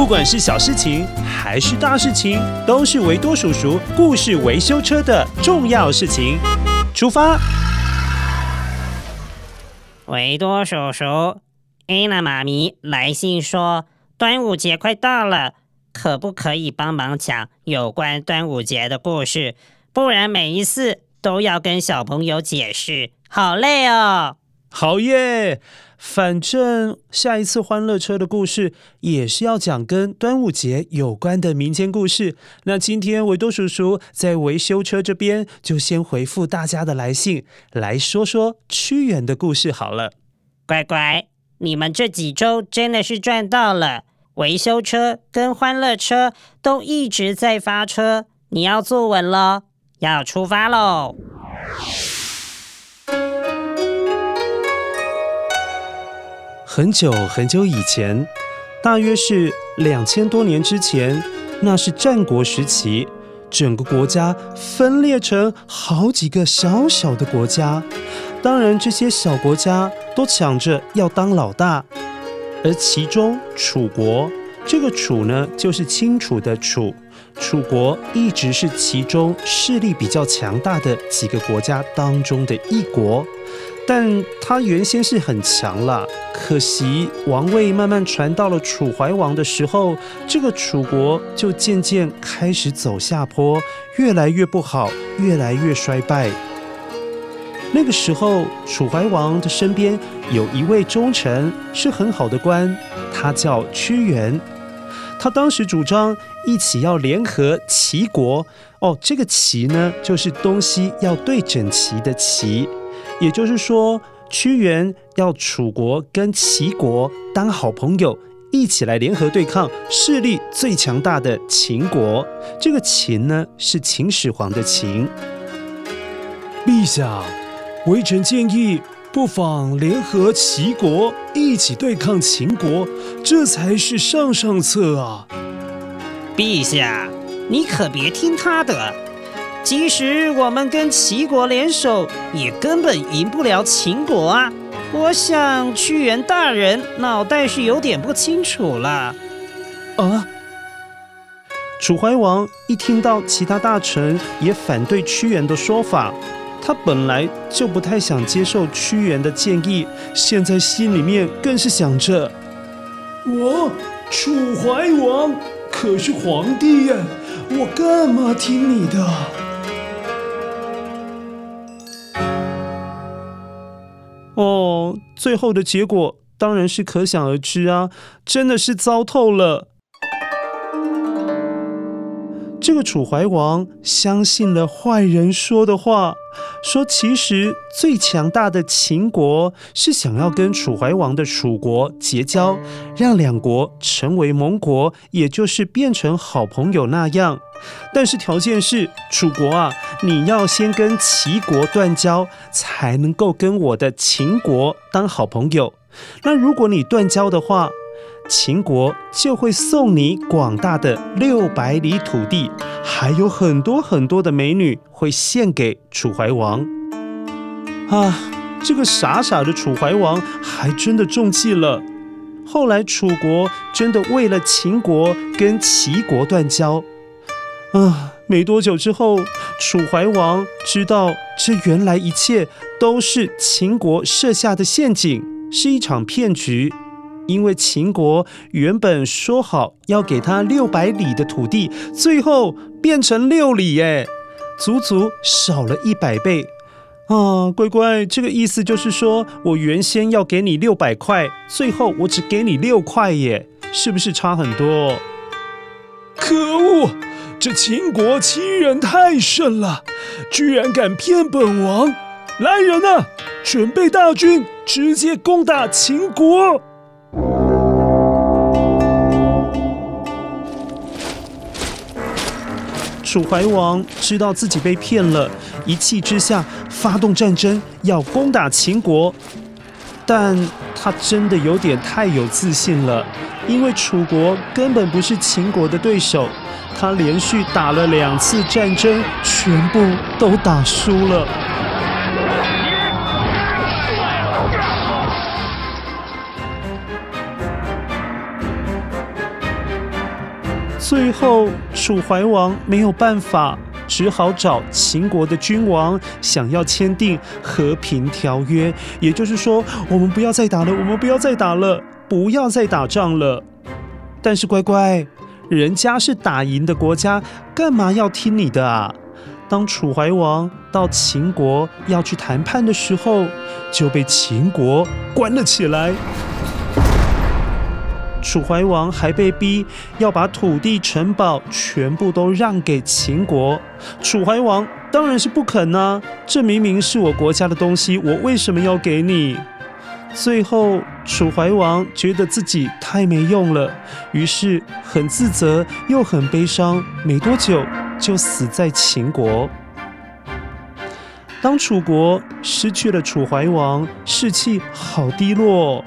不管是小事情還是大事情，都是維多叔叔故事維修車的重要事情。出發！維多叔叔，安娜媽咪來信說，端午節快到了，可不可以幫忙講有關端午節的故事？不然每一次都要跟小朋友解釋，好累哦。好耶！反正下一次歡樂車的故事也是要講跟端午節有關的民間故事。那今天維多叔叔在維修車這邊就先回復大家的來信，來說說屈原的故事好了。乖乖，你們這幾周真的是賺到了！維修車跟歡樂車都一直在發車，你要坐穩了，要出發嘍！很久很久以前，大約是兩千多年之前，那是戰國時期，整個國家分裂成好幾個小小的國家。當然，這些小國家都搶着要當老大。而其中楚國，這個楚呢，就是清楚的楚。楚國一直是其中勢力比較強大的幾個國家當中的一國。但他原先是很強了，可惜王位慢慢傳到了楚懷王的時候，這個楚國就漸漸開始走下坡，越來越不好，越來越衰敗。那個時候，楚懷王的身邊有一位忠臣，是很好的官，他叫屈原。他當時主張一起要聯合齊國。哦，這個“齊”呢，就是東西要對整齊的“齊”。也就是說，屈原要楚國跟齊國當好朋友，一起來聯合對抗勢力最強大的秦國。這個秦呢，是秦始皇的秦。陛下，微臣建議不妨聯合齊國一起對抗秦國，這才是上上策啊！陛下，你可別聽他的。即使我們跟齊國聯手，也根本贏不了秦國啊！我想屈原大人腦袋是有點不清楚了。啊！楚懷王一聽到其他大臣也反對屈原的說法，他本來就不太想接受屈原的建議，現在心裡面更是想着：我、哦、楚懷王可是皇帝呀，我幹嘛聽你的？哦，最後的結果當然是可想而知啊，真的是糟透了。這個楚懷王相信了壞人說的話，說其實最強大的秦國是想要跟楚懷王的楚國結交，讓兩國成為盟國，也就是變成好朋友那樣。但是條件是楚國啊，你要先跟齊國斷交，才能夠跟我的秦國當好朋友。那如果你斷交的話，秦國就會送你廣大的六百里土地，還有很多很多的美女會獻給楚懷王。啊，這個傻傻的楚懷王還真的中計了。後來楚國真的為了秦國跟齊國斷交。啊，沒多久之後，楚懷王知道這原來一切都是秦國設下的陷阱，是一場騙局。因為秦國原本說好要給他六百里的土地，最後變成六里，耶，足足少了一百倍啊！哦！乖乖，這個意思就是說我原先要給你六百塊，最後我只給你六塊，耶，是不是差很多？可惡，這秦國欺人太甚了，居然敢騙本王！來人啊，準備大軍，直接攻打秦國！楚懷王知道自己被騙了，一氣之下發動戰爭，要攻打秦國。但他真的有點太有自信了，因為楚國根本不是秦國的對手，他連續打了兩次戰爭，全部都打輸了。最後，楚懷王沒有辦法，只好找秦國的君王，想要簽訂和平條約。也就是說，我們不要再打了，我們不要再打了，不要再打仗了。但是乖乖，人家是打贏的國家，幹嘛要聽你的啊？當楚懷王到秦國要去談判的時候，就被秦國關了起來。楚懷王還被逼要把土地、城堡全部都讓給秦國，楚懷王當然是不肯啊！這明明是我國家的東西，我為什麼要給你？最後，楚懷王覺得自己太沒用了，於是很自責又很悲傷，沒多久就死在秦國。當楚國失去了楚懷王，士氣好低落。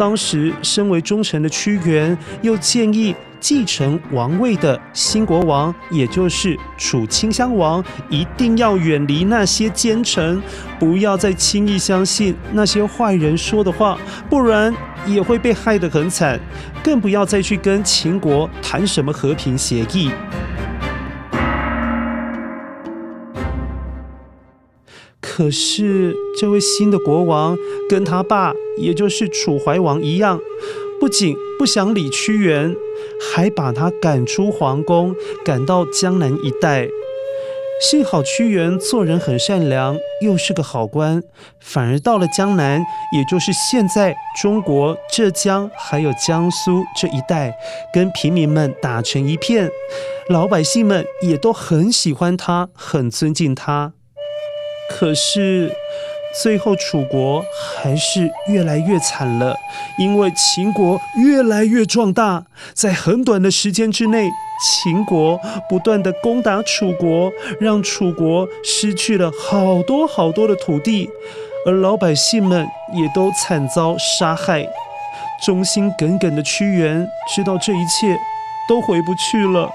當時，身為忠臣的屈原，又建議繼承王位的新國王，也就是楚頃襄王，一定要遠離那些奸臣，不要再輕易相信那些壞人說的話，不然也會被害得很慘，更不要再去跟秦國談什麼和平協議。可是，這位新的國王跟他爸，也就是楚懷王一樣，不僅不想理屈原，還把他趕出皇宮，趕到江南一帶。幸好屈原做人很善良，又是個好官，反而到了江南，也就是現在中國浙江還有江蘇這一帶，跟平民們打成一片，老百姓們也都很喜歡他，很尊敬他。可是，最後楚國還是越來越慘了，因為秦國越來越壯大，在很短的時間之內，秦國不斷的攻打楚國，讓楚國失去了好多好多的土地，而老百姓們也都慘遭殺害。忠心耿耿的屈原知道這一切都回不去了，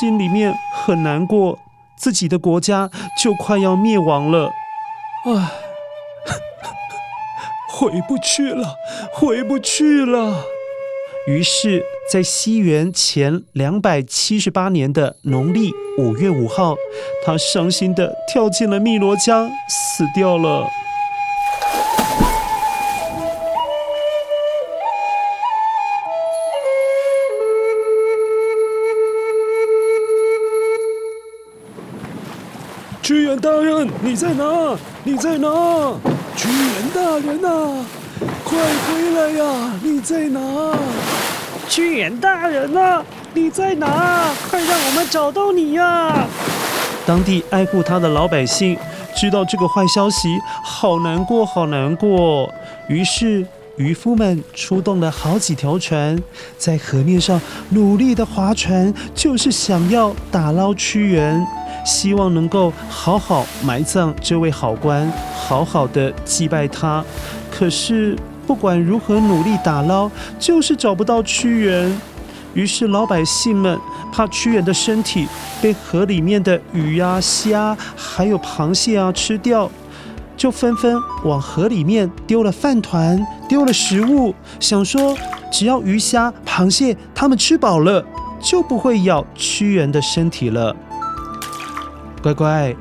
心裡面很難過。自己的國家就快要滅亡了，唉，回不去了，回不去了。於是，在西元前兩百七十八年的農曆五月五號，他傷心地跳進了汨羅江，死掉了。大人，你在哪？你在哪？屈原大人吶、啊，快回來呀、啊！你在哪？屈原大人吶、啊，你在哪？快讓我們找到你呀、啊！當地愛護他的老百姓知道這個壞消息，好難過，好難過。於是。漁夫們出動了好幾條船，在河面上努力地划船，就是想要打撈屈原，希望能夠好好埋葬這位好官，好好的祭拜他。可是不管如何努力打撈，就是找不到屈原。於是老百姓們怕屈原的身體被河裡面的魚啊、蝦還有螃蟹啊吃掉。就紛紛往河裡面丟了飯糰，丟了食物，想說只要魚蝦、螃蟹它們吃飽了，就不會咬屈原的身體了。乖乖，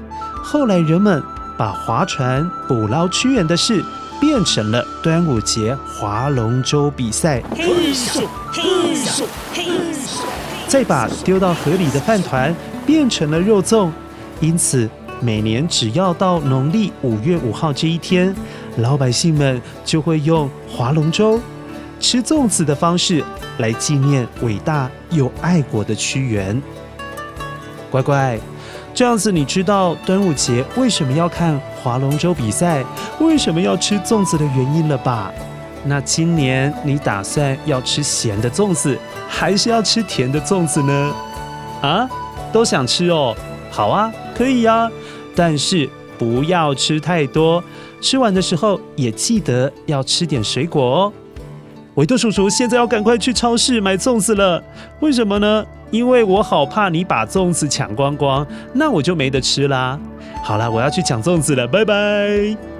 後來人們把划船捕撈屈原的事變成了端午節划龍舟比賽，嘿咻，嘿咻，嘿咻，再把丟到河裡的飯糰變成了肉粽，因此。每年只要到農曆五月五號這一天，老百姓們就會用划龍舟、吃粽子的方式來紀念偉大又愛國的屈原。乖乖，這樣子你知道端午節為什麼要看划龍舟比賽，為什麼要吃粽子的原因了吧？那今年你打算要吃鹹的粽子，還是要吃甜的粽子呢？啊，都想吃哦。好啊，可以啊。但是不要吃太多，吃完的時候也記得要吃點水果哦。維多叔叔現在要趕快去超市買粽子了，為什麼呢？因為我好怕你把粽子搶光光，那我就沒得吃啦。好啦，我要去搶粽子了，拜拜。